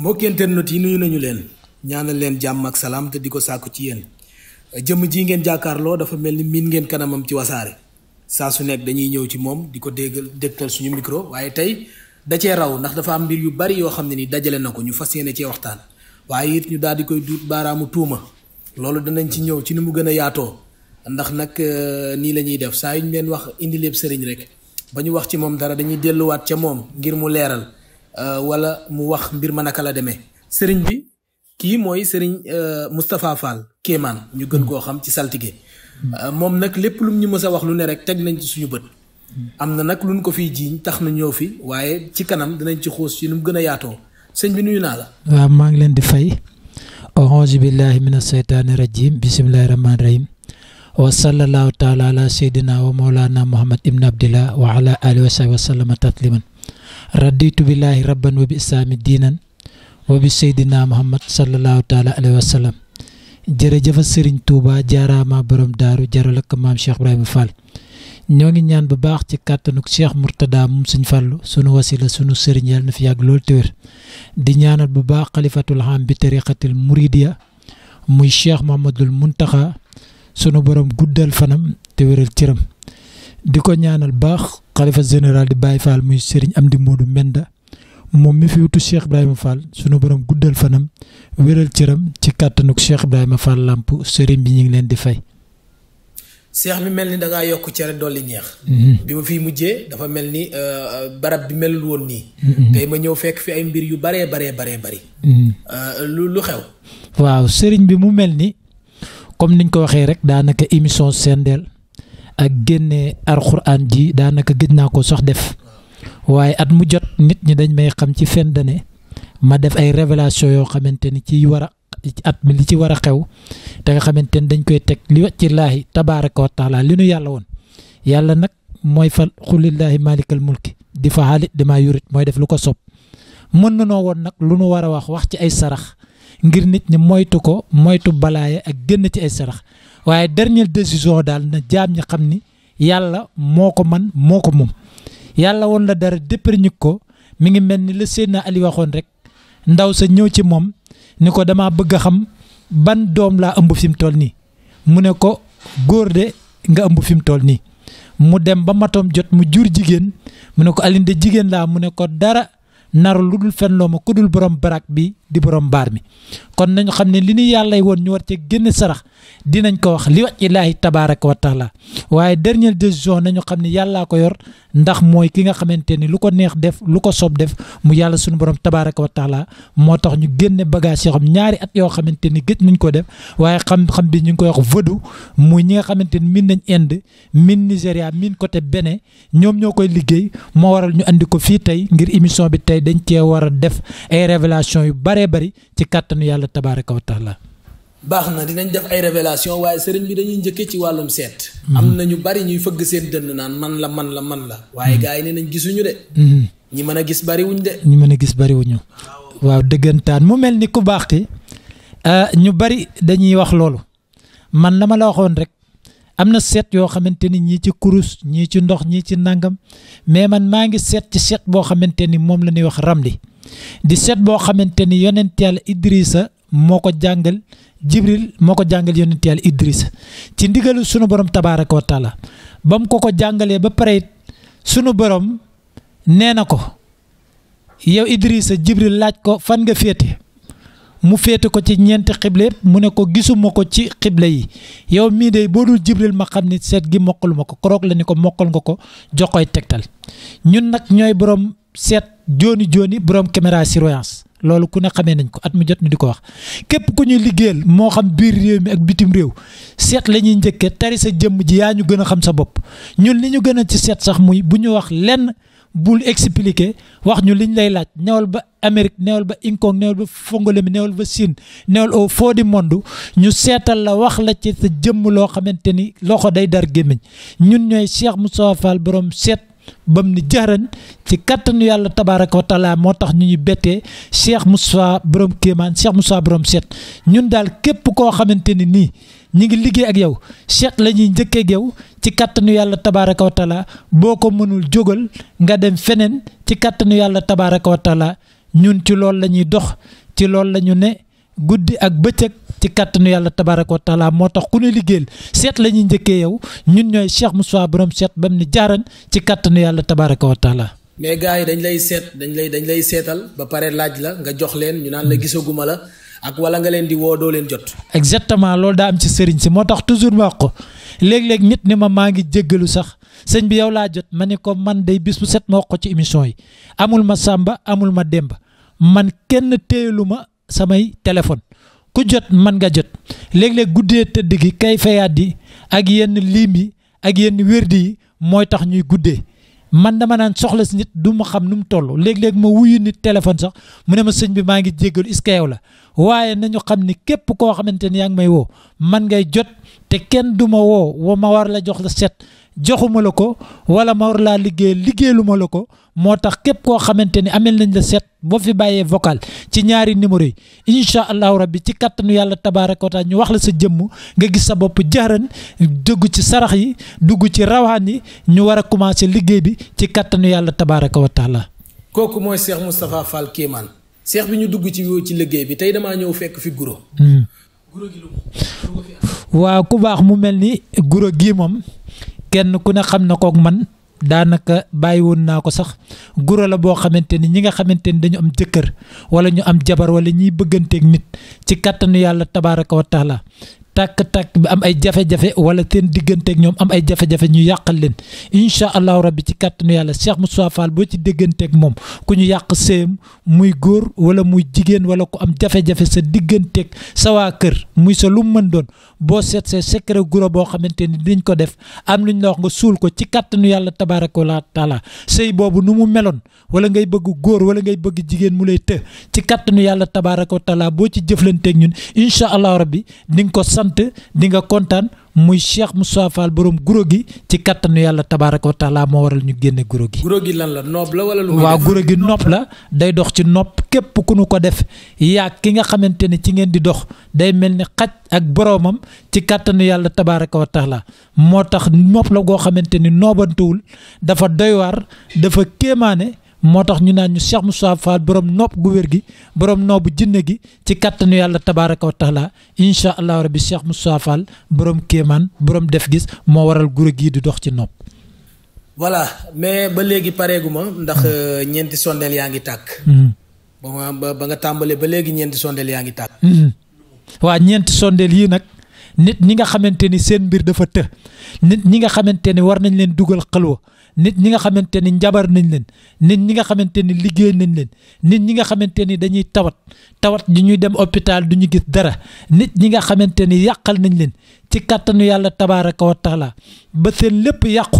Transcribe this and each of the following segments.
mbokki internet yi nuyu nañu leen ñaanal leen jàmm ak salaam te di ko sàkku ci yéen jëmm ji ngeen jàkkaarloo dafa mel ni miin ngeen kanamam ci wasaare saa su nekk dañuy ñëw ci moom di ko déggal dégtal suñu micro waaye tey dacee raw ndax dafa am mbir yu bari yoo xam ne nii dajale na ko ñu fas yéene cee waxtaan waaye it ñu daal di koy duut baaraamu tuuma loolu danañ ci ñëw ci ni mu gën a yaatoo ndax nag euh, nii la ñuy def saa yu ñu leen wax indi lépp sëriñ rek ba ñu wax ci moom dara dañuy delluwaat ca moom ngir mu leeral. Euh, wala mu wax mbir ma naka la demee sëriñ bi kii mooy sëriñ euh, Moustapha Fall Kéemaan ñu gën koo xam ci saltige euh, moom nag lépp lu ñu mës a wax lu ne rek teg nañ ci suñu bët am na nag luñ ko fiy jiiñ tax na ñëw fi waaye ci kanam dinañ ci xuus ci nu mu gën a yaatoo sëñ bi nuyu naa la waaw maa ngi leen di fay auzu billahi mina seytaani rajim bismillahi rahmaani rahim wa sallallahu taala ala seydina wa mawlana muhammad ibn abdillah wa ala alihi wa sahbihi wa sallama raditu billahi rabban wa bi islaami diinan wa bi seydina muhammad sallallahu taala alayhi wa sëriñ Touba jaaraama borom daaru jaralak maam Cheikh Ibrahima Fall ñoo ngi ñaan bu baax ci kàttanuk Cheikh Mourtada moom suñ fàllu sunu wasila sunu sëriñ yàlla na fi yàgg loolu te di ñaanal bu baax xalifatul xam bi tariqatil muridiya muy Cheikh Mouhamadul Muntaxa sunu boroom guddal fanam te wéral cëram di ko ñaanal baax xalifa général di Baye Fall muy Serigne Amdi Modou Menda moom mi fi wutu Cheikh Ibrahima Fall sunu borom guddal fanam wéral cëram ci kàttanug Cheikh Ibrahima Fall làmp Serigne bi ñu ngi leen di fay. seex bi mel ni da yokk cere dolli ñeex. Mm-hmm. bi ma fiy mujjee dafa mel ni euh, barab bi melul woon nii. Mm-hmm. tey ma ñëw fekk fi ay mbir yu baree baree baree bari. Mm-hmm. Euh, lu lu xew. waaw sëriñ bi mu mel ni comme niñ ko waxee rek daanaka émission Sendeel ak génne alxuraan ji daanaka gis naa ko sox def waaye at mu jot nit ñi dañ may xam ci fen dane ma def ay révélation yoo xamante ni ci war a at mi li ci war a xew te nga xamante ni dañ koy teg li wàcc ci laahi tabaaraka wa taala li nu yàlla woon yàlla nag mooy fal xulillaahi maalikal mulki di fa xaalit dama yurit mooy def lu ko sob mën na noo woon nag lu nu war wax wax ci ay sarax ngir nit ñi moytu ko moytu balaaye ak génn ci ay sarax waaye dernière décision daal na jaam ñi xam ni yàlla moo ko man moo ko moom yàlla woon la dara déperñik ko mi ngi mel ni la Seydina Ali waxoon rek ndaw sa ñëw ci moom ni ko dama bëgg a xam ban doom laa ëmb fi mu toll nii mu ne ko góor de nga ëmb fi mu toll nii mu dem ba matoom jot mu jur jigéen mu ne ko alinde jigéen laa mu ne ko dara naru lu dul loo ma ku dul borom barak bi di borom baar mi kon nañu xam ne li ñu yàlla woon ñu war cee génn sarax dinañ ko wax li waj illaahi tabaraka wa taala waaye dernière décision nañu xam ni yàllaa ko yor ndax mooy ki nga xamante ni lu ko neex def lu ko soob def mu yàlla suñu borom tabaraka wa moo tax ñu génne bagage yoo xam ñaari at yoo xamante ni gëj nañ ko def waaye xam-xam bi ñu ngi koy wax vëdu muy ñi nga xamante ni min nañ Inde min Nigéria min côté Bénin ñoom ñoo koy liggéey moo waral ñu indi ko fii tey ngir émission bi tey dañ cee war a def ay révélation yu baree bari ci kàttanu yàlla tabaraka wa taala baax na dinañ def ay révélation waaye sëriñ bi dañuy njëkkee ci wàllum seet. Mm-hmm. am na ñu bari ñuy fëgg seen dënn naan man la man la man la. waaye mm-hmm. gars yi ne nañ gisuñu de. Mm-hmm. ñi mën a gis bariwuñ de. ñi mën a gis bariwuñu. waaw dëggantaan mu mel ni ku baax ki ah, ñu bari dañuy wax loolu man na ma la waxoon rek am na seet yoo xamante ni ñii ci kurus ñii ci ndox ñii ci nangam mais man maa ngi seet ci seet boo xamante ni moom la ñuy wax ramli di seet boo xamante ni yonent yàlla Idrissa moo ko jàngal jibril moo ko jàngal yonent teel idris ci ndigalu sunu borom tabaaraka wa taala ba mu ko ko jàngalee ba pare sunu borom nee na ko yow idrisa jibril laaj ko fan nga féete mu féete ko ci ñeenti xible mu ne ko gisuma ko ci xible yi yow mii de boo dul jibril ma xam ni seet gi mokkaluma ko koroog la ni ko mokkal nga ko jox koy tegtal ñun nag ñooy borom seet jooni jooni borom caméra surveillance loolu ku ne xamee nañ ko at mu jot ñu di ko wax képp ku ñuy liggéeyal moo xam biir réew mi ak bitim réew seet la ñuy njëkkee tari sa jëmm ji yaa ñu gën a xam sa bopp ñun li ñu gën a ci seet sax muy bu ñu wax lenn bul expliquer wax ñu liñ lay laaj newal ba amerique newal ba Inkong newal ba Fongolemi newal ba Chine newal au foo du monde ñu seetal la wax la ci sa jëmm loo xamante ni loxo day dar gémmiñ ñun ñooy Cheikh bam ni jaran ci kàttanu yàlla tabaaraka wa moo tax ñu ñu bettee Cheikh Moussa borom Kéemaan Cheikh Moussa borom seet ñun daal képp koo xamante ni nii ñu ngi liggéey ak yow seet la ñuy njëkkee ak yow ci kàttanu yàlla tabaaraka wa boo ko mënul jógal nga dem feneen ci kàttanu yàlla tabaaraka wa ñun ci loolu la ñuy dox ci loolu lañu ñu ne. guddi ak bëccëg ci kàttanu yàlla tabaraka wa taala moo tax ku ne liggéeyal seet la ñuy njëkkee yow ñun ñooy Cheikh Moussa borom seet ba mu ni jaaran ci kàttanu yàlla tabaraka wa taala mais gars yi dañ lay seet dañ lay dañ lay seetal ba pare laaj la nga jox leen ñu naan la mm. gisaguma la ak wala nga leen di woo doo leen jot. exactement loolu daa am ci sëriñ si moo tax toujours ma wax ko léeg-léeg nit ni ma maa ngi jéggalu sax sëñ bi yow laa jot ma ne ko man day bis set ma wax ko ci émission yi amul ma sàmba amul ma demba samay téléphone ku jot man nga jot léeg-léeg guddee tëdd gi kay fayaat yi ak yenn liim yi ak yenn wérdi yi mooy tax ñuy guddee man dama naan soxla si nit du ma xam nu mu toll léeg-léeg ma wuyu nit téléphone sax mu ne ma sëñ bi maa ngi jéggalu est yow la waaye nañu xam ni képp koo xamante ni yaa ngi may woo man ngay jot te kenn du ma woo wa ma war la jox la set joxuma la ko wala ma war laa liggéey liggéeyalu ma la ko moo tax képp koo xamante ni amel nañ la seet boo fi bàyyee vocal ci ñaari numéro yi incha allahu rabbi ci kattanu yàlla tabaaraka wa ñu wax la sa jëmm nga gis sa bopp jaxaran dugg ci sarax yi dugg ci rawaan yi ñu war a commencé liggéey bi ci kàttanu yàlla tabaaraka wa taala kooku mooy Cheikh Moustapha Fall Kéemaan seex bi ñu dugg ci ci liggéey bi tey damaa ñëw fekk fi guro. Hmm. guro gi ku baax mu mel moom. kenn ku ne xam na kook man daanaka bàyyi woon naa ko sax gura la boo xamante ni ñi nga xamante ni dañu am jëkkër wala ñu am jabar wala ñiy bëgganteeg nit ci kàttanu yàlla tabaaraka wa taala tàkk-tàkk bi am ay jafe-jafe wala seen digganteeg ñoom am ay jafe-jafe ñu yàqal leen incha allahu rabbi ci kàttanu yàlla Cheikh Moustapha Fall boo ci digganteeg moom ku ñu yàq séem muy góor wala muy jigéen wala ku am jafe-jafe sa digganteeg sa kër muy sa lu mën doon boo seet see secret boo xamante ni diñ ko def am luñ la wax nga suul ko ci kàttanu yàlla tabaraka wa taala boobu nu mu meloon wala ngay bëgg góor wala ngay bëgg jigéen mu lay të ci kàttanu yàlla tabaraka wa taala boo ci jëflanteeg ñun incha allahu rabbi di ko sant sant di nga kontaan muy Cheikh Moussa Fall borom guro gi ci kattanu yàlla tabaaraka wa moo waral ñu génne guro gi. guro gi lan la nopp la wala lu waaw guro gi nopp la day dox ci nopp képp ku nu ko def yaa ki nga xamante ne ci ngeen di dox day mel ni xaj ak boroomam ci kattanu yàlla tabaaraka wa moo tax nopp la goo xamante ni noobantuwul dafa doy dafa kéemaane. moo tax ñu naan ñu Cheikh Moussa Fall borom nopp gu wér gi borom noobu jinne gi ci kàttanu yàlla tabaaraka wa taala incha allah rabbi Cheikh Moussa Fall borom kéemaan boroom def gis moo waral guro gii di dox ci nopp. voilà mais ba léegi pareeguma ma ndax hmm. euh, ñeenti sondeel yaa ngi tàkk. Hmm. ba ba nga tàmbalee ba léegi ñeenti sondeel yaa ngi tàkk. Hmm. waa ñeenti sondeel yii nag. nit ñi nga xamante ni seen mbir dafa të nit ñi nga xamante ni war nañ leen dugal xalwa nit ñi nga xamante ni njabar nañ leen nit ñi nga xamante ni liggéey nañ leen nit ñi nga xamante ni dañuy tawat tawat di ñuy dem hôpital du ñu gis dara nit ñi nga xamante ni yàqal nañ leen ci kàttanu yàlla tabaaraka wa taala ba seen lépp yàqu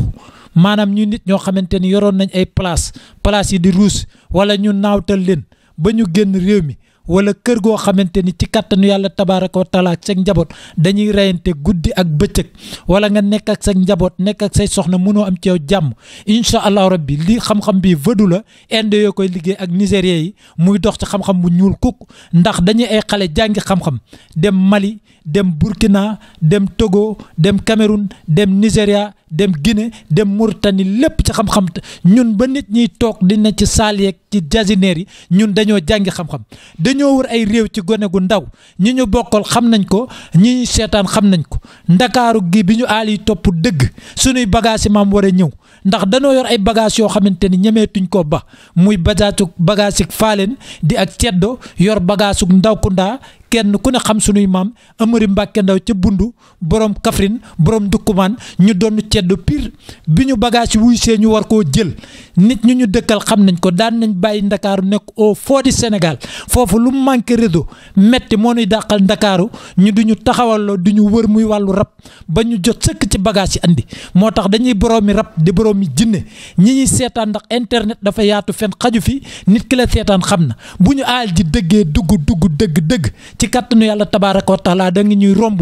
maanaam ñu nit ñoo xamante ni yoroon nañ ay place place yi di ruus wala ñu naawtal leen ba ñu génn réew mi wala kër goo xamante ni ci kàttanu yàlla tabaaraka wa taala ak njaboot dañuy reyante guddi ak bëccëg wala nga nekk ak sa njaboot nekk ak say soxna mënoo am ci yow jàmm incha allah rabbi li xam-xam bi vëdu la inde yoo koy liggéey ak nigéria yi muy dox ci xam-xam bu ñuul kuk ndax dañuy ay xale jàngi xam-xam dem Mali dem Burkina dem Togo dem Cameroun dem Nigéria dem gine dem Mauritanie lépp ci xam-xam ñun ba nit ñiy toog dina ci saal yeeg ci jasineer yi ñun dañoo jàngi xam-xam dañoo wër ay réew ci gone gu ndaw ñi ñu bokkal xam nañ ko ñi ñu seetaan xam nañ ko ndakaaru gi bi ñu aal yi topp dëgg suñuy bagage yi maam war ñëw ndax dañoo yor ay bagage yoo xamante ni ñemeetuñ ko ba muy bagage bagage faalen di ak ceddo yor bagage ndaw kunda kenn ku ne xam sunuy maam Amari Mbàkke Ndaw ca Bundu borom Kaffrine borom Ndukkumaan ñu doon ceddu pire bi ñu bagage wuy see ñu war koo jël nit ñu ñu dëkkal xam nañ ko daan nañ bàyyi ndakaaru nekk o foo di Sénégal foofu lu manqué réseau metti moo nuy dàqal ndakaaru ñu du ñu taxawaloo du ñu wër muy wàllu rab ba ñu jot sëkk ci bagage yi indi moo tax dañuy boroomi rab di boroomi jinne ñi ñuy seetaan ndax internet dafa yaatu fen xaju fi nit ki la seetaan xam na bu ñu aal ji dëggee dugg dugg dëgg dëgg ci kàttanu yàlla tabaaraka wa taala da nga ñuy romb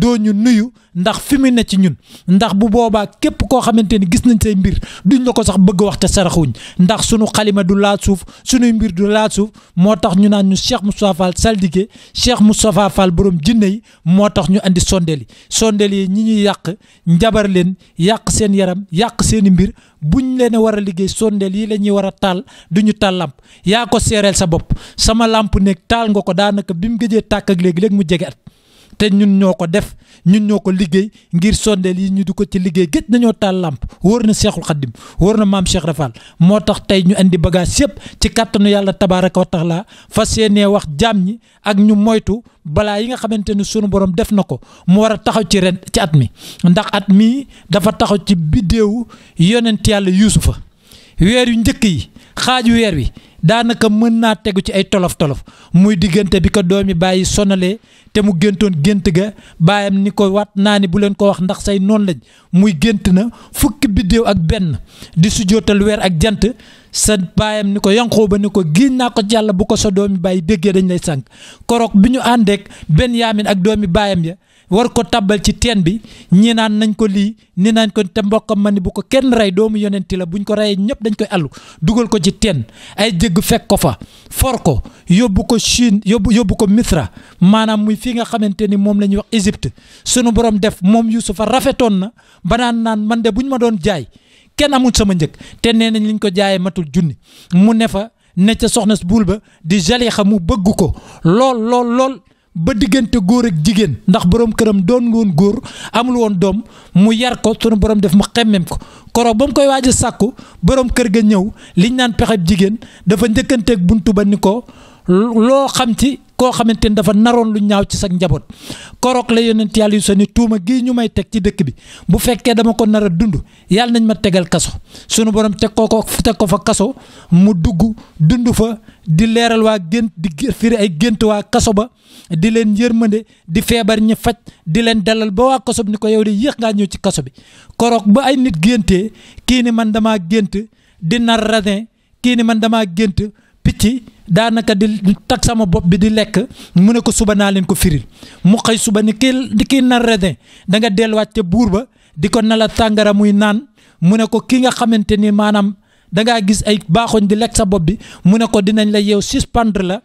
doo ñu nuyu ndax fi mu ne ci ñun ndax bu boobaa képp koo xamante ni gis nañ say mbir duñ la ko sax bëgg wax te saraxuñ ndax sunu xalima du laa suuf sunuy mbir du laal suuf moo tax ñu naan ñu Cheikh Moustapha Fall saldige Cheikh Moustapha Fall borom jinne yi moo tax ñu indi sondeel yi sondeel yi ñi ñuy yàq njabar leen yàq seen yaram yàq seen i mbir buñ leen war a liggéey sondeel yi la ñuy war a taal du ñu taal làmp yaa ko seereel sa bopp sama làmp nekk taal nga ko daanaka bi gëjee tàkk ak léegi léegi mu jege te ñun ñoo ko def ñun ñoo ko liggéey ngir sondeel yi ñu di ko ci liggéey gëj nañoo taal làmp wóor na seexul xaddim wóor na maam Cheikh Rafal moo tax tey ñu indi bagage yëpp ci kàttanu yàlla tabaaraka wa taala fa yéenee wax jaam ñi ak ñu moytu balaa yi nga xamante ni sunu borom def na ko mu war a taxaw ci ren ci at mi ndax at mi dafa taxaw ci biddéewu yonent yàlla fa weer yu njëkk yi xaaju weer wi daanaka mën naa tegu ci ay tolof tolof muy diggante bi ko doomi bàyyi sonalee te mu géntoon gént ga baayam ni ko wat naa ni bu leen ko wax ndax say noonu lañ muy gént na fukki biddéew ak benn di su jootal weer ak jant sa baayam ni ko yanqoo ba ni ko giiñ naa ko jàll bu ko sa doomi bàyyi déggee dañ lay sànq koroog bi ñu àndeek benn yaamin ak doomi baayam ya war ko tàbbal ci teen bi ñi naan nañ ko lii ni naan ko te mbokkam ma ni bu ko kenn rey doomu yonenti la buñ ko reyee ñëpp dañ koy àllu dugal ko ci teen ay jégg fekk ko fa foor ko yóbbu ko Chine yóbbu yóbbu ko Misra maanaam muy fii nga xamante ni moom la ñuy wax Égypte sunu borom def moom Yuusufa rafetoon na banaan naan naan man de buñ ma doon jaay kenn amul sama njëg te nee nañ liñ ko jaayee matul junni mu ne fa ne ca soxna buul ba di jaleexa mu bëgg ko lool ba diggante góor ak jigéen ndax borom këram doon woon góor amul woon doom mu yar ko sunu borom def ma xemmem ko koroog ba mu koy waaj a sàkku borom kër ga ñëw liñ naan pexeb jigéen dafa njëkkanteeg buntu ba ni ko loo xam ci koo xamante ni dafa naroon lu ñaaw ci sag njaboot korook la yonent yàlla yu sa ni tuuma gii ñu may teg ci dëkk bi bu fekkee dama ko nar a dund yàlla nañ ma tegal kaso sunu borom teg ko ko teg ko fa kaso mu dugg dund fa di leeral waa gént di firi ay gént waa kaso ba di leen yërmande di feebar ñi faj di leen dalal ba waa kaso bi ni ko yow de yéex ngaa ñëw ci kaso bi korook ba ay nit géntee kii ni man dama gént di nar radin kii ni man damaa gént picc daanaka di tag sama bopp bi di lekk mu ne ko suba naa leen ko firil mu xëy suba ni kii kii nar redin da nga delluwaat ca buur ba di ko nala tàngara muy naan mu ne ko ki nga xamante ni maanaam dangaa gis ay baaxoñ di lekk sa bopp bi mu ne ko dinañ la yeew suspendre la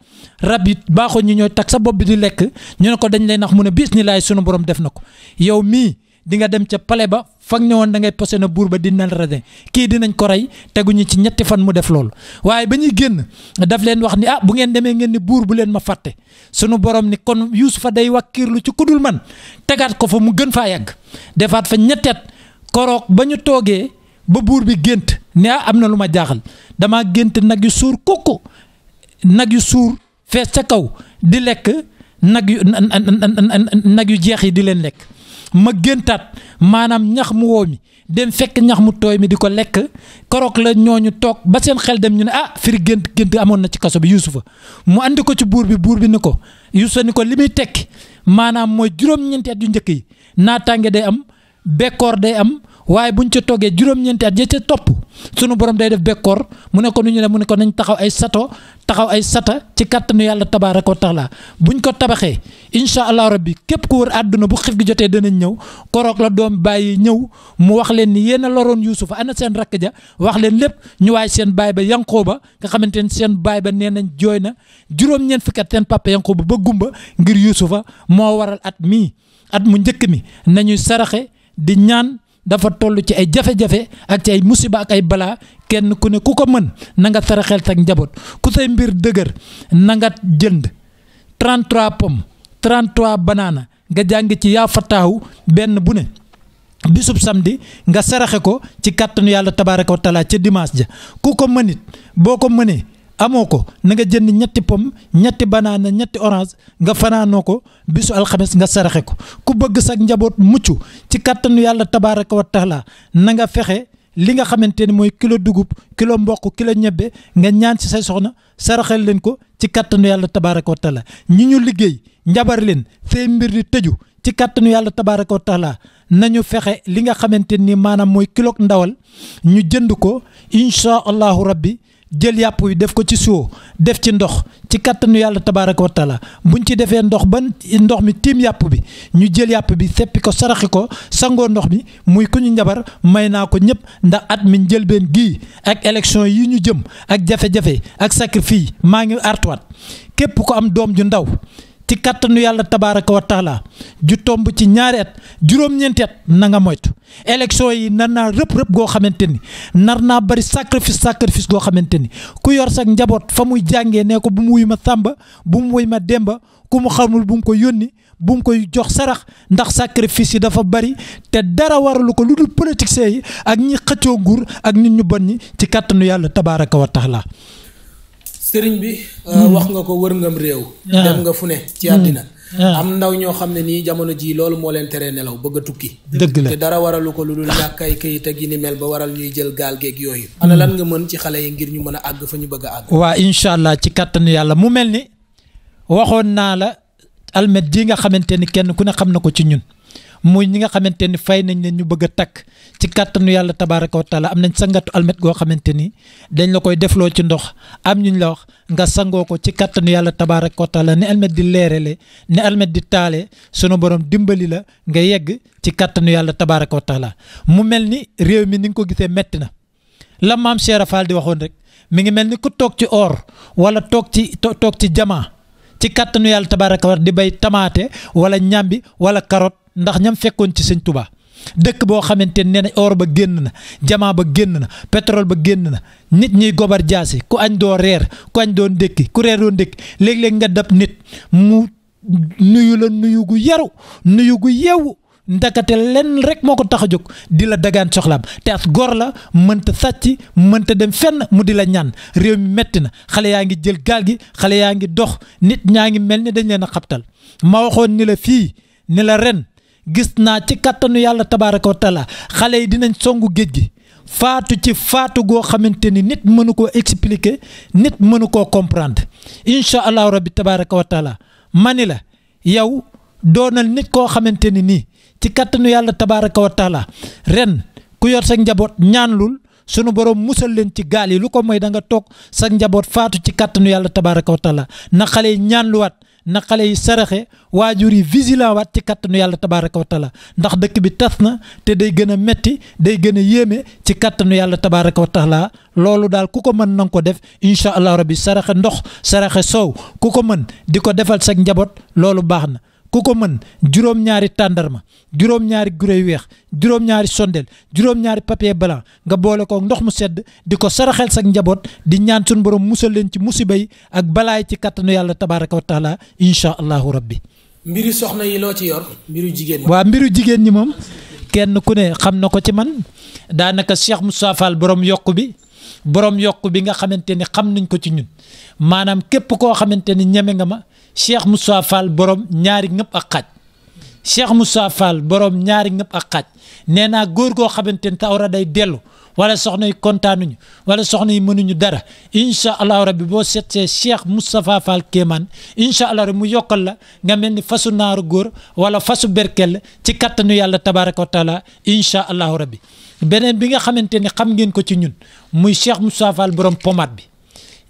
rab yi baaxoñ ñi ñooy tag sa bopp bi di lekk ñu ne ko dañ lay nax mu ne bis ni laay sunu borom def na ko yow mii di nga dem ca pale ba fag ne woon da ngay posé na buur ba di nal raisin kii dinañ ko rey teguñu ci ñetti fan mu def loolu waaye ba ñuy génn daf leen wax ni ah bu ngeen demee ngeen ni buur bu leen ma fàtte sunu borom ni kon Yuusufa day wàkkiirlu ci kudul man tegaat ko fa mu gën faa yàgg defaat fa ñetteet korook ba ñu toogee ba buur bi gént ne ah am na lu ma jaaxal dama gént nag yu suur kooku nag yu suur fees ca kaw di lekk nag yu nag yu jeex yi di leen lekk ma géntaat maanaam ñax mu woo mi dem fekk ñax mu tooy mi di ko lekk koroog la ñoo ñu toog ba seen xel dem ñu ne ah firi gént gént amoon na ci kaso bi yuusufa mu andi ko ci buur bi buur bi ni ko yuusufa ni ko li muy tekki maanaam mooy juróom-ñeenti at yu njëkk yi naataange day am bekkoor day am waaye buñ ci toggee juróom-ñeenti at ya ca topp sunu borom day def bekkoor mu ne ko nu ñu ne mu ne ko nañ taxaw ay sato taxaw ay sata ci kàttanu yàlla ko tax laa bu ñu ko tabaxee incha allah rabbi képp ku war àdduna bu xif gi jotee danañ ñëw korook la doom bàyyi ñëw mu wax leen ni yéen a loroon Yuusuf ana seen rakk ja wax leen lépp ñu waay seen baay ba ba nga xamante ne seen baay ba nee nañ jooy na juróom-ñeent fukki at seen gumba ngir Yuusufa moo waral at mii at mu njëkk mi nañuy saraxe di ñaan dafa toll ci ay jafe-jafe ak ci ay musiba ak ay balaa kenn ku ne ku ko mën nanga nga saraxel sa njaboot ku say mbir dëgër na nga jënd 33 pomme 33 banaana nga jàng ci yaa benn bu ne bisub samdi nga saraxe ko ci kàttanu yàlla tabaaraka wa taala ca dimaas ja ku ko mën nit boo ko mënee amoo ko na nga jënd ñetti pomme ñetti banaana ñetti orange nga fanaanoo ko bisu alxames nga saraxe ko ku bëgg sag njaboot mucc ci kàttanu yàlla tabaaraka wa taala na nga fexe li nga xamante ne mooy kilo dugub kilo mboq kilo ñebbe nga ñaan ci say soxna saraxel leen ko ci kàttanu yàlla tabaaraka wa ñi ñu liggéey njabar leen fee mbir di tëju ci kàttanu yàlla tabaaraka nañu fexe li nga xamante ni maanaam mooy kilo ndawal ñu jënd ko incha allahu rabbi jël yàpp wi def ko ci suuf def ci ndox ci kàttanu yàlla tabaaraka wa taala buñ ci defee ndox ban ndox mi tiim yàpp bi ñu jël yàpp bi seppi ko saraxi ko sangoo ndox mi muy ku ñu njabar may naa ko ñëpp ndax at mi njëlbeen gii ak élection yi ñu jëm ak jafe-jafe ak sacrifice maa ngi artuwaat képp ko am doom ju ndaw ci kàttanu yàlla tabaaraka wa ju tomb ci ñaareet at juróom-ñeenti at na nga moytu élection yi nar naa rëpp rëpp goo xamante ni nar naa bari sacrifice sacrifice goo xamante ni ku yor sax njaboot fa muy jàngee nee ko bu mu wuy ma Sàmba bu mu wuy ma Demba ku mu xamul bu mu ko yónni bu mu koy jox sarax ndax sacrifice yi dafa bari te dara waralu ko lu dul politiciens yi ak ñi xëccoo nguur ak nit ñu bon ñi ci kàttanu yàlla tabaaraka wa taala sëriñ bi. Euh, hmm. wax nga ko wërngam réew. Ah. dem nga fu ne ci hmm. àddina. Ah. am ndaw ñoo xam ne nii jamono jii loolu moo leen teree nelaw bëgg a tukki. dëgg la te dara waralu ko lu dul ah. ñàkk kay këyit ak yi ni mel ba waral ñuy jël gaal geeg yooyu. Hmm. ana lan nga mën ci xale yi ngir ñu mën a àgg fa ñu bëgg a àgg. waa incha allah ci kàttanu yàlla mu mel ni waxoon naa la almet ji nga xamante ni kenn ku ne xam na ko ci ñun muy ñi nga xamante ni fay nañ leen ñu bëgg a takk ci kàttanu yàlla tabaaraka am nañ sangatu almet goo xamante ni dañ la koy defloo ci ndox am ñu la wax nga sangoo ko ci kàttanu yàlla tabaaraka ne almet di leerale ne almet di taale sunu borom dimbali la nga yegg ci kàttanu yàlla tabaaraka wa taala mu mel ni réew mi ni nga ko gisee metti na la maam Cheikh di waxoon rek mi ngi mel ni ku toog ci or wala toog ci toog ci jamaa ci kàttanu yàlla tabaaraka wa di bay tamaate wala ñambi wala carotte ndax ñam fekkoon ci sëñ Touba dëkk boo xamante ne na or ba génn na jamaa ba génn na pétrole ba génn na nit ñiy gobar jaasi ku añ doo reer ku añ doon dëkki ku reer doon léeg-léeg nga dab nit mu nuyu la nuyu gu yaru nuyu gu yeewu ndakate lenn rek moo ko tax a jóg di la dagaan soxlaam te as gor la mënta sàcc mënta dem fenn mu di la ñaan réew mi metti na xale yaa ngi jël gaal gi xale yaa ngi dox nit ñaa ngi mel ni dañ leen a xabtal ma waxoon fii ni la ren gis naa ci kàttanu yàlla tabaaraka wa taala xale yi dinañ songu géej gi faatu ci faatu goo xamante ni nit mënu koo expliquer nit mënu koo comprendre incha allahu rabbi tabaaraka wa taala mani la yow doonal nit koo xamante ni nii ci kàttanu yàlla tabaaraka wa taala ren ku yor sa njaboot ñaanlul sunu borom musal leen ci gaal yi lu ko moy da nga toog sa njaboot faatu ci kàttanu yàlla tabaaraka wa taala na xale yi ñaanluwaat na xale yi saraxe waajur yi vigilant waat ci kattanu yàlla tabaaraka wa ndax dëkk bi tas na te day gën a metti day gën a yéeme ci kattanu yàlla tabaaraka wa taala loolu daal ku ko mën na ko def incha allah rabbi saraxe ndox saraxe soow ku ko mën di ko defal sa njaboot loolu baax na ku ko mën juróom-ñaari tàndarma juróom-ñaari yu weex juróom-ñaari sondel juróom-ñaari papier blanc nga boole ko ndox mu sedd di ko saraxel sak njaboot di ñaan suñu borom musal leen ci musiba yi ak balaay ci kàttanu yàlla tabaraka wa taala incha allahu rabbi mbiru soxna yi loo ci yor jigéen waa mbiru jigéen ñi moom kenn ku ne xam na ko ci man daanaka Cheikh Moussa Fall borom yokku bi borom yokk bi nga xamante ni xam nañ ko ci ñun maanaam képp koo xamante ni ñeme nga ma. Cheikh Moussa Fall borom ñaari ñëpp ak xaj Cheikh Moussa Fall borom ñaari ñëpp ak xaj nee naa góor goo xamante ne awra day dellu wala soxna yi kontaanuñu wala soxna yi mënuñu dara incha allahu rabbi boo seetee Cheikh Moustapha Fall Kéemaan incha allah rabbi mu nga mel ni fasu naaru góor wala fasu berkel ci kattanu yàlla tabaaraka wa taala incha allahu beneen bi nga xamante ni xam ngeen ko ci ñun muy Cheikh Moustapha Fall borom bi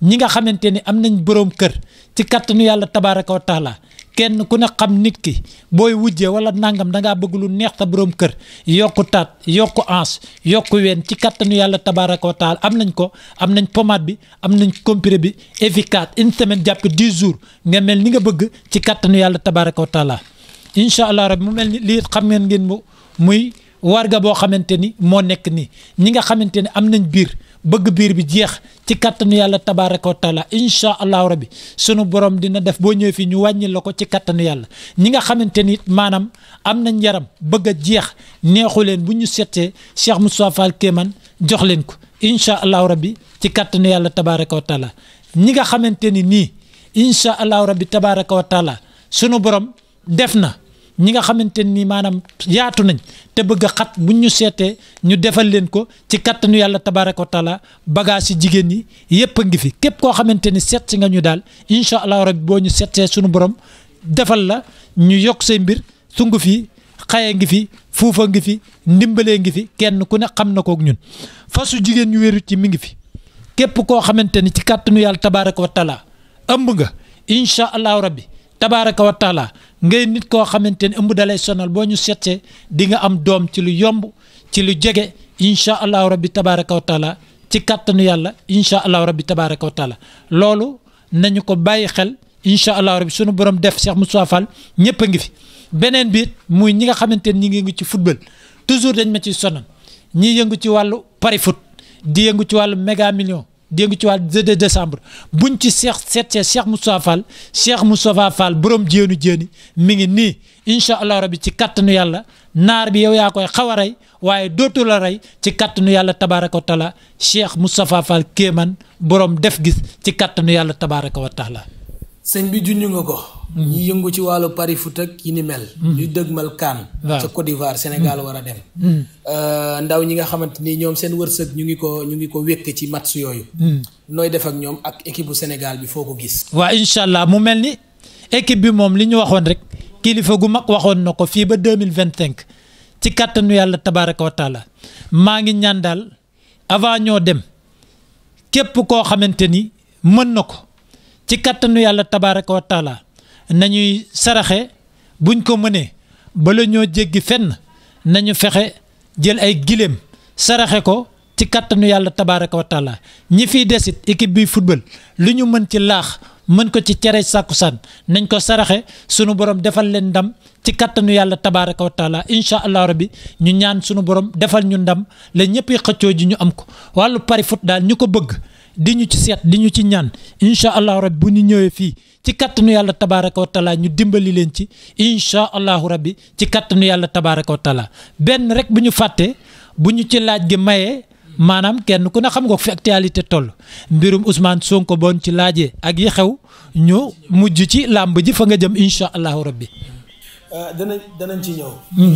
ñi nga xamante ni am nañ borom kër ci kàttanu yàlla tabaaraka wa taala kenn ku ne xam nit ki booy wujjee wala nangam dangaa bëgg lu neex sa borom kër yokku taat yokk ans yokk ween ci kattanu yàlla tabaaraka wa am nañ ko am nañ pommade bi am nañ comprimé bi efficace une semaine jàpp di jours nga mel ni nga bëgg ci kattanu yàlla tabaaraka wa taala incha allah rabbi mu mel ni lii xam ngeen mu muy warga boo xamante ni moo nekk nii ñi nga xamante ni am nañ biir bëgg biir bi jeex ci kàttanu yàlla tabaaraka wa taala incha allahu rabbi sunu borom dina def boo ñëwee fii ñu wàññi la ko ci kàttanu yàlla ñi nga xamante ni maanaam am na njaram bëgg a jeex neexu leen bu ñu seetee Cheikh Moustapha Fall Kéemaan jox leen ko incha allahu rabbi ci kàttanu yàlla tabaaraka wa taala ñi nga xamante ni nii incha allahu rabbi tabaaraka wa sunu borom def na. ñi nga xamante ni maanaam yaatu nañ te bëgg a xat buñ ñu seetee ñu defal leen ko ci kattanu yàlla tabaaraka wa taala bagage yi jigéen ñi yépp a ngi fi képp koo xamante ni seet si nga ñu daal incha allah rabbi boo ñu seetee suñu borom defal la ñu yokk say mbir sunguf yi xaye ngi fi fuufa ngi fi ndimbalee ngi fi kenn ku ne xam na kook ñun fasu jigéen ñu wéru ci mi ngi fi képp koo xamante ni ci kàttanu yàlla tabaaraka wa ëmb nga incha allahu rabbi tabaaraka wa ngay nit koo xamante ni ëmb dalay sonal boo ñu seetee di nga am doom ci lu yomb ci lu jege incha allahu rabbi tabaraka wa taala ci kàttanu yàlla incha allahu rabbi tabaraka wa taala loolu nañu ko bàyyi xel incha allahu rabbi sunu borom def Cheikh Moustapha Fall ñëpp a ngi fi beneen biit muy ñi nga xamante ni ñi ngi yëngu ci football toujours dañ ma ciy sonal ñi yëngu ci wàllu pari di yëngu ci wàllu méga million dégg ci waat 2 décembre buñ ci seex seet see Cheikh Moustapha Fall Cheikh Moustapha Fall borom jéenu jéeni mi ngi nii incha allah rabbi ci kattanu yàlla naar bi yow yaa koy xaw a rey waaye dootu la rey ci kattanu yàlla tabaaraka wa taala Cheikh Moustapha Fall borom def gis ci kattanu yàlla tabaaraka wa taala sëñ bi junj nga ko. Mm-hmm. ñu yëngu ci wàllu pari foot ak yi ni mel. Mm-hmm. ñu dëgmal kaan. ca Côte d'Ivoire Sénégal mm-hmm. war a dem. Euh, ndaw ñi nga xamante ni ñoom seen wërsëg ñu ngi ko ñu ngi ko wékk ci match yooyu. nooy def ak ñoom ak équipe bu Sénégal bi foo ko gis. waa incha allah mu mel ni équipe bi moom li ñu waxoon rek kilifa gu mag waxoon na ko fii ba deux mille vingt cinq ci kàttanu yàlla tabaaraka wa maa ngi ñaan daal avant ñoo dem képp koo xamante ni mën na ko. ci kàttanu yàlla tabaaraka wa taala nañuy saraxe buñ ko mënee bala ñoo jéggi fenn nañu fexe jël ay giléem saraxe ko ci kàttanu yàlla tabaaraka wa ñi fiy desit équipe bi football lu ñu mën ci laax mën ko ci cere sàkkusaan nañ ko saraxe sunu borom defal leen ndam ci kàttanu yàlla tabaaraka wa taala incha allah rabbi ñu ñaan sunu borom defal ñu ndam la ñëpp xëccoo ji ñu am ko wàllu pari foot daal ñu ko bëgg. di ñu ci seet di ñu ci ñaan incha allahu rabbi bu ñu ñëwee fii ci kàttanu yàlla tabaaraka wa ñu dimbali leen ci incha allahu rabbi ci kàttanu yàlla tabaaraka wa benn rek bu ñu fàttee bu ñu ci laaj gi mayee maanaam kenn ku ne xam nga fi actualité toll mbirum Ousmane Sonko boon ci laajee ak yi xew ñu mujj ci làmb ji fa nga jëm incha allahu rabbi. Euh, danañ ci ñëw. Hmm.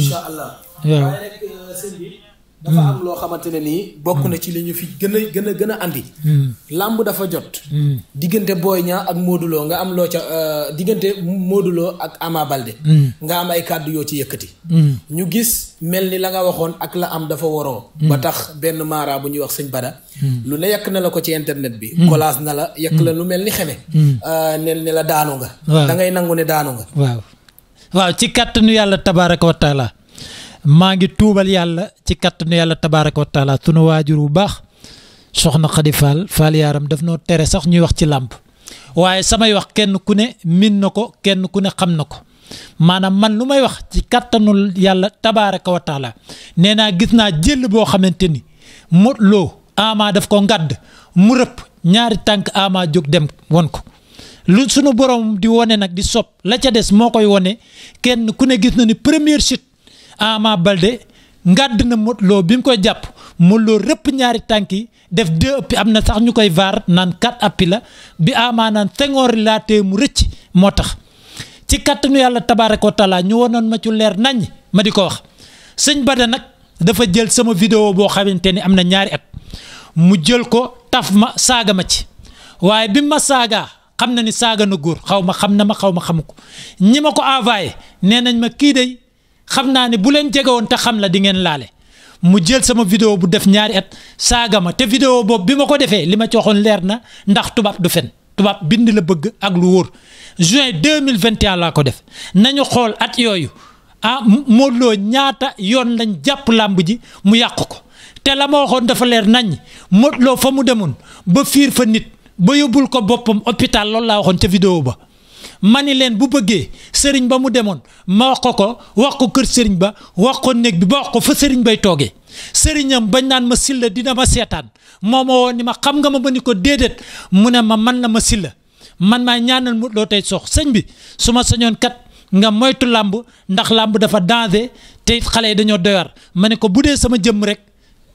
dafa hmm. am loo xamante ne nii. bokk na hmm. ci li ñu fi gën a gën a gën a andi. Hmm. làmb dafa jot. diggante Boy Niang ak Modou nga am loo ca euh, diggante Modou ak Ama Balde. nga am ay kàddu yoo ci yëkkati. ñu gis mel ni la nga waxoon ak la am dafa waroo. ba tax benn maara bu ñuy wax sëñ Bada. lu ne yàq na la ko ci internet bi. collage na la yàq la lu mel ni xeme. Euh, ne la daanu nga. da ngay nangu ne daanu nga. waaw waaw ci kàttanu yàlla tabaaraka wa taala maa ngi tuubal yàlla ci kattanu yàlla tabaaraka wa taala sunu waajur bu baax soxna Xadi Faal Faal yaaram daf noo tere sax ñuy wax ci làmp waaye samay wax kenn ku ne miin na ko kenn ku ne xam na ko maanaam man lu may wax ci kattanul yàlla tabaaraka wa taala nee naa gis naa jël boo xamante ni Modou Lo Ama daf ko ngadd mu rëpp ñaari tànk Ama jóg dem won ko lu sunu borom di wone nag di sob la ca des moo koy wone kenn ku ne gis na ni première chute Ama Balde ngàdd na Modou Lo bi mu koy jàpp Modou Lo rëpp ñaari tànk yi def deux appuis am na sax ñu koy vaar naan quatre appi la bi Ama naan sengoor laa tee mu rëcc moo tax. ci kàttanu yàlla tabaaraka wa taala ñu wanoon ma ci leer nañ ma di ko wax sëñ Bada nag dafa jël sama vidéo boo xamante ni am na ñaari at mu jël ko taf ma saaga ma ci waaye bi ma saagaa xam na ni saaga na góor xaw ma xam na ma xaw ma xamu ko ñi ma ko envoyé nee nañ ma kii day xam naa ne bu leen jege woon te xam la di ngeen laale mu jël sama vidéo bu def ñaari at saaga ma te video boobu bi ma ko defee li ma ci leer na ndax tubaab du fen bind la bëgg ak lu wóor juin 2021 laa ko def nañu xool at yooyu ah Modou ñaata yoon lañ jàpp làmb ji mu yàq ko te la ma waxoon dafa leer nañ Modou fa mu demoon ba fiir fa nit ba yóbbul ko boppam hôpital loolu laa waxoon ca vidéo ba ma ni leen bu bëggee sëriñ ba mu demoon ma wax ko ko wax ko kër sëriñ ba wax ko néeg bi ba wax ko fa sëriñ bay toogee sëriñam bañ naan ma silla dina ma seetaan moo ma woo ni ma xam nga ma ba ni ko déedéet mu ne ma man na ma silla man maa ñaanal mu loo tey sox sëñ bi su ma sañoon kat nga moytu làmb ndax làmb dafa danger tey xale yi dañoo doyar ma ne ko bu dee sama jëmm rek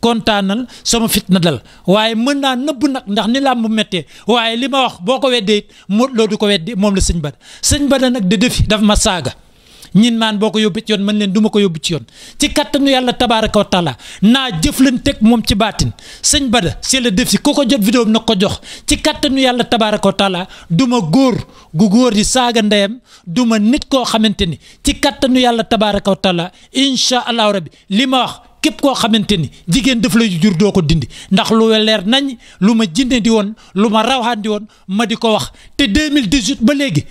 kontaanal sama fitna dal waaye mën naa nëbb nag ndax ni laa mu méttee waaye li ma wax boo ko weddee it Modou du ko weddi moom la sëñ Bada sëñ Bada nag di defi daf ma saaga ñin maan boo ko yóbbu ci yoon mën leen du ma ko yóbbu ci yoon ci kattanu yàlla tabaaraka wa taala naa jëflanteeg moom ci baatin sëñ Bada c'est le défi ku ko jot vidéo nag ko jox ci kattanu yàlla tabaaraka wa taala góor gu góor yi saaga ndeyam duma nit koo xamante ni ci kattanu yàlla tabaaraka wa taala incha rabbi li ma wax. képp koo xamante ni jigéen daf lay jur doo ko dindi ndax lu leer nañ lu ma jinne di woon lu ma rawxaan woon ma di ko wax te 2018 ba léegi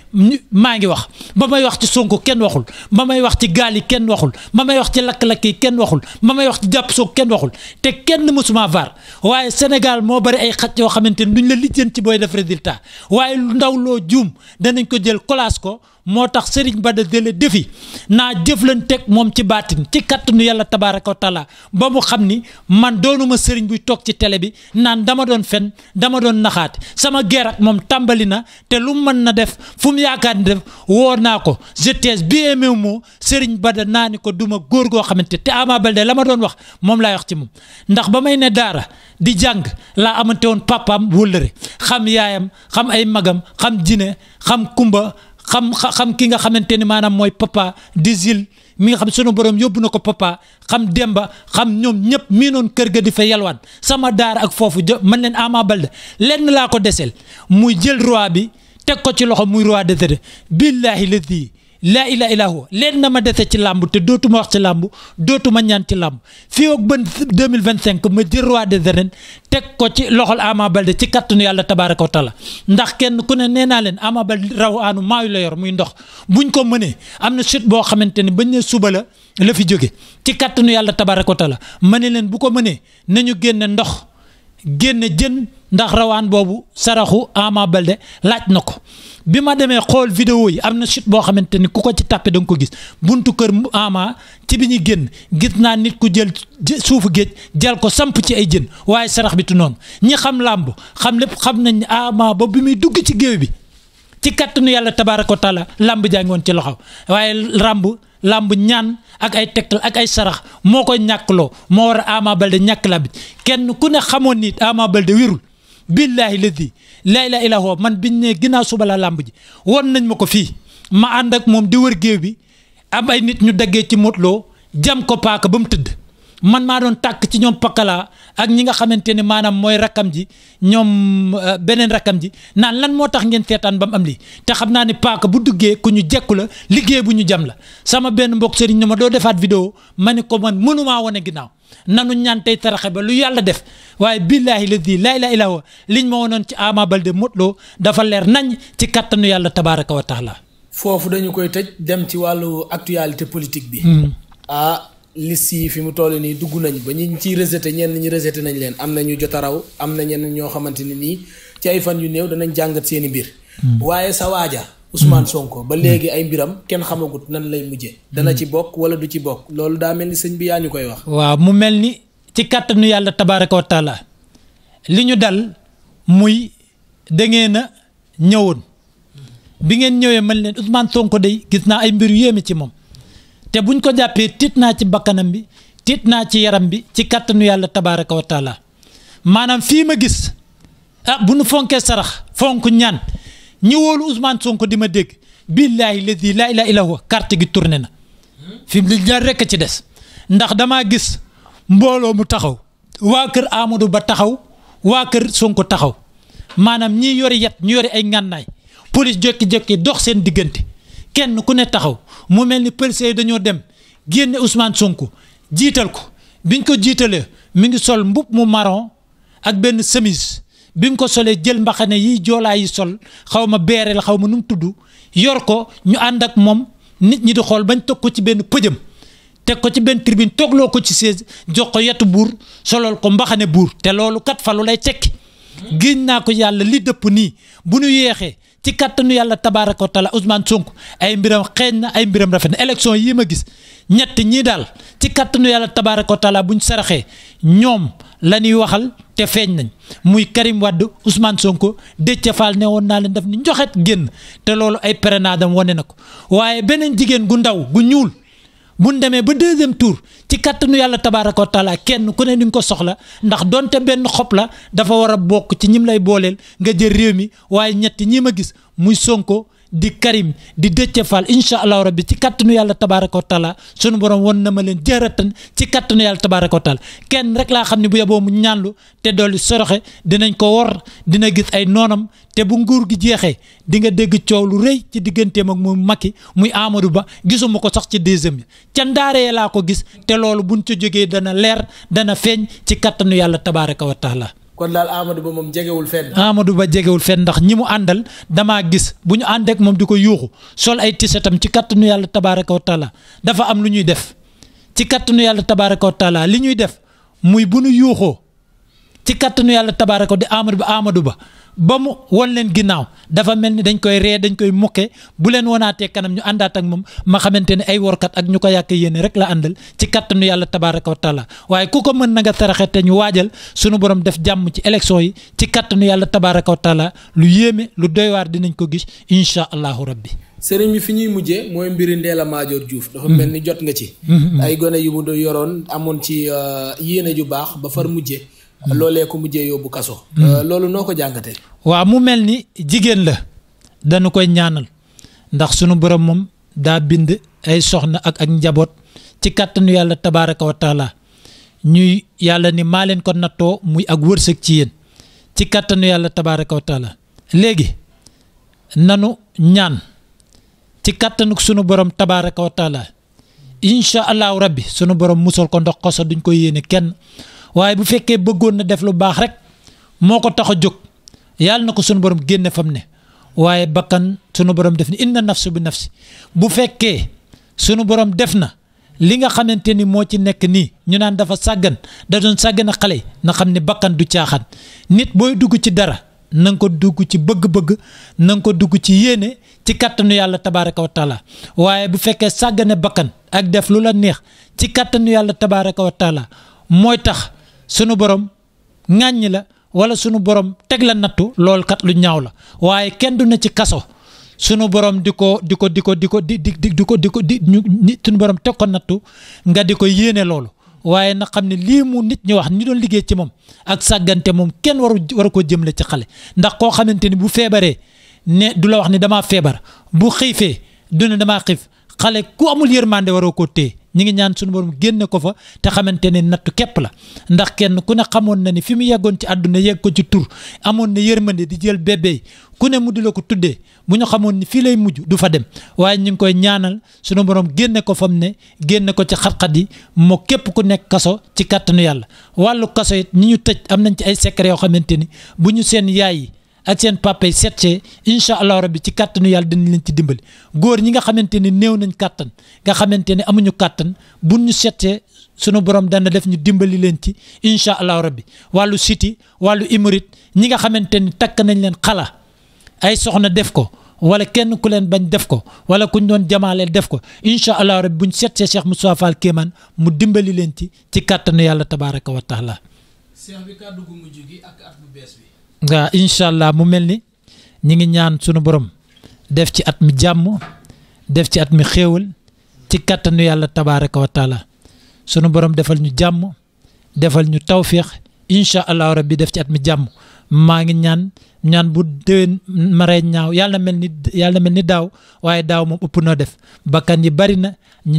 maa ngi wax ba may wax ci sonk kenn waxul ma may wax ci gaal yi kenn waxul ma may wax ci lakk-lakk yi kenn waxul ma may wax ci jàpp soog kenn waxul te kenn mësuma vaar waaye Sénégal moo bari ay xaj yoo xamante ne duñ la lijjanti ci booy def résultat waaye lu ndaw loo juum danañ ko jël kolaas ko moo tax Serigne Bada Délé defi naa jëflanteeg moom ci baatin ci kattanu yàlla tabaaraka wa taala ba mu xam ni man doonuma Serigne buy toog ci tele bi naan dama doon fen dama doon naxaat sama guerre moom tàmbali na te lum mën na def fu yaakaar ni def woo naa ko GTS bi éméw moo Serigne Bada naa ni ko duma góor goo xamante te Ama Baldé la ma doon wax moom laay wax ci moom ndax ba may ne daara di jàng laa amante woon papaam wóllëre xam yaayam xam ay magam xam jine xam kumba xam xam ki nga xamante ni maanaam mooy papa disil mi nga xam sunu borom yóbbu na ko papa xam demba xam ñoom ñëpp miinoon kër ga di fa yalwaan sama daar ak foofu jo man leen Ama Baldé lenn laa ko desel muy jël roi bi teg ko ci loxo muy roi de tëdd billaahi la laa ilaha illa huwa leen na ma dese ci làmb te dootuma wax ci làmb dootuma ñaan ci làmb fii ak bën 2025 ma jël roi des arènes teg ko ci loxol Ama Baldé ci kattanu yàlla tabaaraka wa taala ndax kenn ku ne nee naa leen Ama Baldé raw aanu maayu la yor muy ndox buñ ko mënee am na chute boo xamante ne bañ ne suba la la fi jóge ci kattanu yàlla tabaaraka wa taala ma ne leen bu ko mënee nañu génne ndox génne jën ndax rawaan boobu saraxu Ama Baldé laaj na ko bi ma demee xool vidéo yi am na chute boo xamante ni ku ko ci tàppe da nga ko gis buntu kër Ama ci bi ñuy génn gis naa nit ku jël suufu géej jël ko samp ci ay jën waaye sarax bi tu noonu ñi xam làmb xam lépp xam nañ Ama ba bi muy dugg ci géew bi ci kàttanu yàlla tabaaraka wa taala làmb jaa ci loxo waaye làmb làmb ñaan ak ay tegtal ak ay sarax moo koy ñàkkloo moo war a Ama Baldé ñàkk la bi kenn ku ne xamoon ni Ama Baldé wérul billaahi ladi laa ilaaha illa huwa man biñ ne ginnaaw suba làmb ji won nañ ma ko fii ma ànd ak moom di wër géew bi am ay nit ñu daggee ci Modou jam ko paaka ba mu tëdd man maa doon tàkk ci ñoom pakkalaa ak ñi nga xamante ne maanaam mooy rakkam ji ñoom euh, beneen rakkam ji naan lan moo tax ngeen seetaan ba mu am lii te xam naa ne paaka bu duggee ku ñu jekku la liggéey bu ñu jam la sama benn mbokk sëriñ ne ma doo defaat vidéo ma ne ko man mënumaa wane ginnaaw nanu ñaan tey saraxe ba lu yàlla def waaye billaahi lazi laa lay illaa huwa liñ ma wonoon ci Ama Baldé Modou Lô dafa leer nañ ci kattanu yàlla tabaaraka wa taala foofu dañu koy tëj dem ci wàllu actualité politique bi. Hmm. Ah, liste yi fi mu toll nii dugg nañ ba ñu ci rejeté ñenn ñi rejeté nañ leen am na ñu jot a raw am na ñenn ñoo xamante ne nii ci ay fan yu néew danañ jàngat seeni mbir. Hmm. waaye sa waaja Ousmane hmm. Sonko ba léegi hmm. ay mbiram kenn xamagut nan lay mujje dana ci bokk wala du ci bokk loolu daa mel ni sëñ bi yaa ñu koy wax. waaw mu mel ni ci kàttanu yàlla tabaaraka wa taala li ñu dal muy dangeen na ñëwoon bi ngeen ñëwee man leen Ousmane Sonko day gis naa ay mbir yu ci moom. te buñ ko jàppee tiit naa ci bakkanam bi tiit naa ci yaram bi ci kàttanu yàlla tabaaraka wa taala maanaam fii ma gis ah bu nu fonkee sarax fonk ñaan ñi wóolu Ousmane Sonko di ma dégg billaahi lazi laa ilaaha illaa huwa carte gi tourné na fi mu ñaar rekk a ci des ndax dama gis mbooloo mu taxaw waa kër Amadou Ba taxaw waa kër Sonko taxaw maanaam ñi yore yat ñu yore ay ngànnaay police jokki-jokki dox seen diggante kenn ku ne taxaw mu mel ni policiers yi dañoo dem génne Ousmane Sonko jiital ko biñ ko jiitalee mi ngi sol mbubb mu marron ak benn chemise bi mu ko solee jël mbaxane yi joolaa yi sol xaw ma beereel xaw ma nu mu tudd yor ko ñu ànd ak moom nit ñi di xool bañ teg ko ci benn pëjëm teg ko ci benn tribune toogloo ko ci siège jox ko yetu buur solol ko mbaxane buur te loolu kat falu lay tekki génn naa ko yàlla li dëpp nii bu ñu yéexee ci kattanu yàlla tabaaraka wa taala sonk Sonko ay mbiram xeeñ na ay mbiram rafet na élection yii ma gis ñett ñii daal ci kàttanu yàlla tabaaraka wa taala buñ saraxee ñoom la ñuy waxal te feeñ nañ muy Karim Wade Ousmane Sonko Déthié Fall ne woon naa leen daf ni njoxet génn te loolu ay parrainage am wane na ko waaye beneen jigéen gu ndaw gu ñuul bu ñu demee ba deuxième tour ci kàttanu yàlla tabaaraka ko taala kenn ku ne ni nga ko soxla ndax donte benn xob la dafa war a bokk ci ñim lay booleel nga jël réew mi waaye ñetti ñi ma gis muy Sonko di Karim di Déthié Fall incha allahu rabbi ci kattanu yàlla tabaaraka wa taala sunu borom won na ma leen jëratan ci kattanu yàlla tabaaraka wa taala kenn rek laa xam ne bu yeboo mu ñaanlu te dolli soroxe dinañ ko war dina gis ay noonam te bu nguur gi jeexee di nga dégg coow lu rëy ci digganteem ak muy Macky muy Amadou Ba gisuma ko sax ci deuxième yi ca ndaaree laa ko gis te loolu buñ ca jógee dana leer dana feeñ ci kattanu yàlla tabaaraka wa taala kon daal Amadou Ba moom jegewul fenn. Amadou Ba jegewul fenn ndax ñi mu àndal damaa gis bu ñu àndeek moom di ko yuuxu sol ay tisetam ci kattanu yàlla tabaaraka wa taala dafa am lu ñuy def ci kattanu yàlla tabaaraka wa taala li ñuy def muy bu nu yuuxoo ci kattanu yàlla tabaaraka di Amadou Ba Amadou Ba. ba mu won leen ginnaaw dafa mel ni dañ koy ree dañ koy mukke bu leen wonaatee kanam ñu àndaat ak moom ma xamante ne ay workat ak ñu ko yàq yéene rek la àndal ci kàttanu yàlla tabaaraka wa taala waaye ku ko mën na nga saraxe te ñu waajal sunu borom def jàmm ci élection yi ci kàttanu yàlla tabaaraka wa taala lu yéeme lu doy waar dinañ ko gis incha allahu rabbi. sëriñ bi fi ñuy mujjee mooy mbiri Ndella Madior Diouf dafa mel ni jot nga ci. Mm-hmm. ay gone yu mu yoroon amoon ci euh, yéene ju baax ba far mujjee. Hmm. loolee ko mujjee yóbbu kaso. Hmm. Euh, loolu noo ko jàngatee. waaw mu mel ni jigéen la danu koy ñaanal ndax sunu borom moom daa bind ay soxna ak ak njaboot ci kàttanu yàlla tabaaraka wa ñuy yàlla ni maa leen ko nattoo muy ak wërsëg ci yéen ci kàttanu yàlla tabaaraka wa léegi nanu ñaan ci kàttanuk sunu borom tabaaraka wa taala allahu rabbi sunu borom musal ko ndox xosa duñ ko yéene kenn waaye bu fekkee bëggoon na def lu baax rek moo ko tax a jóg yàlla na ko sunu borom génne fam ne waaye bakkan sunu borom def ni inna nafsu bi nafsi bu fekkee sunu borom def na li nga xamante ni moo ci nekk nii ñu naan dafa sàggan da doon sàggan xale na xam ne bakkan du caaxaan nit booy dugg ci dara na ko dugg ci bëgg-bëgg na ko dugg ci yéene ci kàttanu yàlla tabaaraka wa taala waaye bu fekkee sàggane bakkan ak def lu la neex ci kàttanu yàlla tabaaraka wa mooy tax sunu borom ŋàññi la wala sunu borom teg la nattu loolu kat lu ñaaw la waaye kenn du na ci kaso sunu borom di ko di ko di ko di ko di di di ko di ko di ñu sunu borom teg ko nattu nga di ko yéene loolu waaye na xam ne lii mu nit ñi wax ñu doon liggéey ci moom ak sàggante moom kenn waru waru ko jëmle ci xale ndax koo xamante ni bu feebaree ne du la wax ne damaa feebar bu xiifee du ne damaa xiif xale ku amul yërmande waroo koo téye ñu ngi ñaan suñu borom génne ko fa te xamante ne nattu képp la ndax kenn ku ne xamoon na ni fi mu yeggoon ci àdduna yegg ko ci tur amoon na yërmande di jël bébé ku ne mu di la ko tuddee bu ñu xamoon ni fii lay mujj du fa dem waaye ñu ngi koy ñaanal suñu borom génne ko fam ne génne ko ci xat-xat yi moo képp ku nekk kaso ci kàttanu yàlla wàllu kaso it ñi ñu tëj am nañ ci ay secret yoo xamante ni bu ñu seen yaay yi ak seen papa yi seet see allah rabbi ci kàttanu yàlla dinañ leen ci dimbali góor ñi nga xamante ne néew nañ kàttan nga xamante ne amuñu kàttan bu ñu seet sunu borom dana def ñu dimbali leen ci incha allah rabbi wàllu siti wàllu imurit ñi nga xamante ni takk nañ leen xala ay soxna def ko. wala kenn ku leen bañ def ko wala kuñ doon jamaaleel def ko incha allah rabbi buñ seet see Cheikh Moustapha Fall Kéemaan mu dimbali leen ci ci kàttanu yàlla tabaaraka wa taala. Cheikh bi kàddu gi ak at bees bi. waaw incha allah mu mel ni ñi ngi ñaan sunu borom def ci at mi jàmm def ci at mi xéewal ci kàttanu yàlla tabaaraka wa sunu borom defal ñu jàmm defal ñu tawfiix incha allah rabbi def ci at mi jàmm maa ngi ñaan ñaan bu déwén maree ñaaw yàlla mel ni yàlla mel ni daaw waaye daaw moom ëpp noo def bakkan yi bari na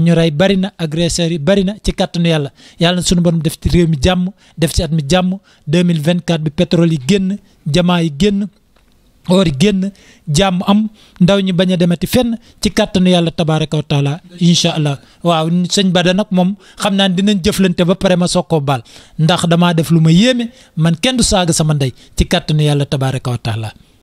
ñu rey bari na agresseurs yi bari na ci kàttanu yàlla yàlla na sunu borom def ci réew mi jàmm def ci at mi jàmm mille vingt 2024 bi pétrole yi génn jamaa yi génn oor génn jàmm am ndaw ñi bañ a demati fenn ci kàttanu yàlla tabaaraka wa taala incha allah waaw sëñ Bada nag moom xam naa ne dinañ jëflante ba pare ma soog koo baal ndax damaa def lu ma yéeme man kenn du saaga sama ndey ci kàttanu yàlla tabaaraka wa taala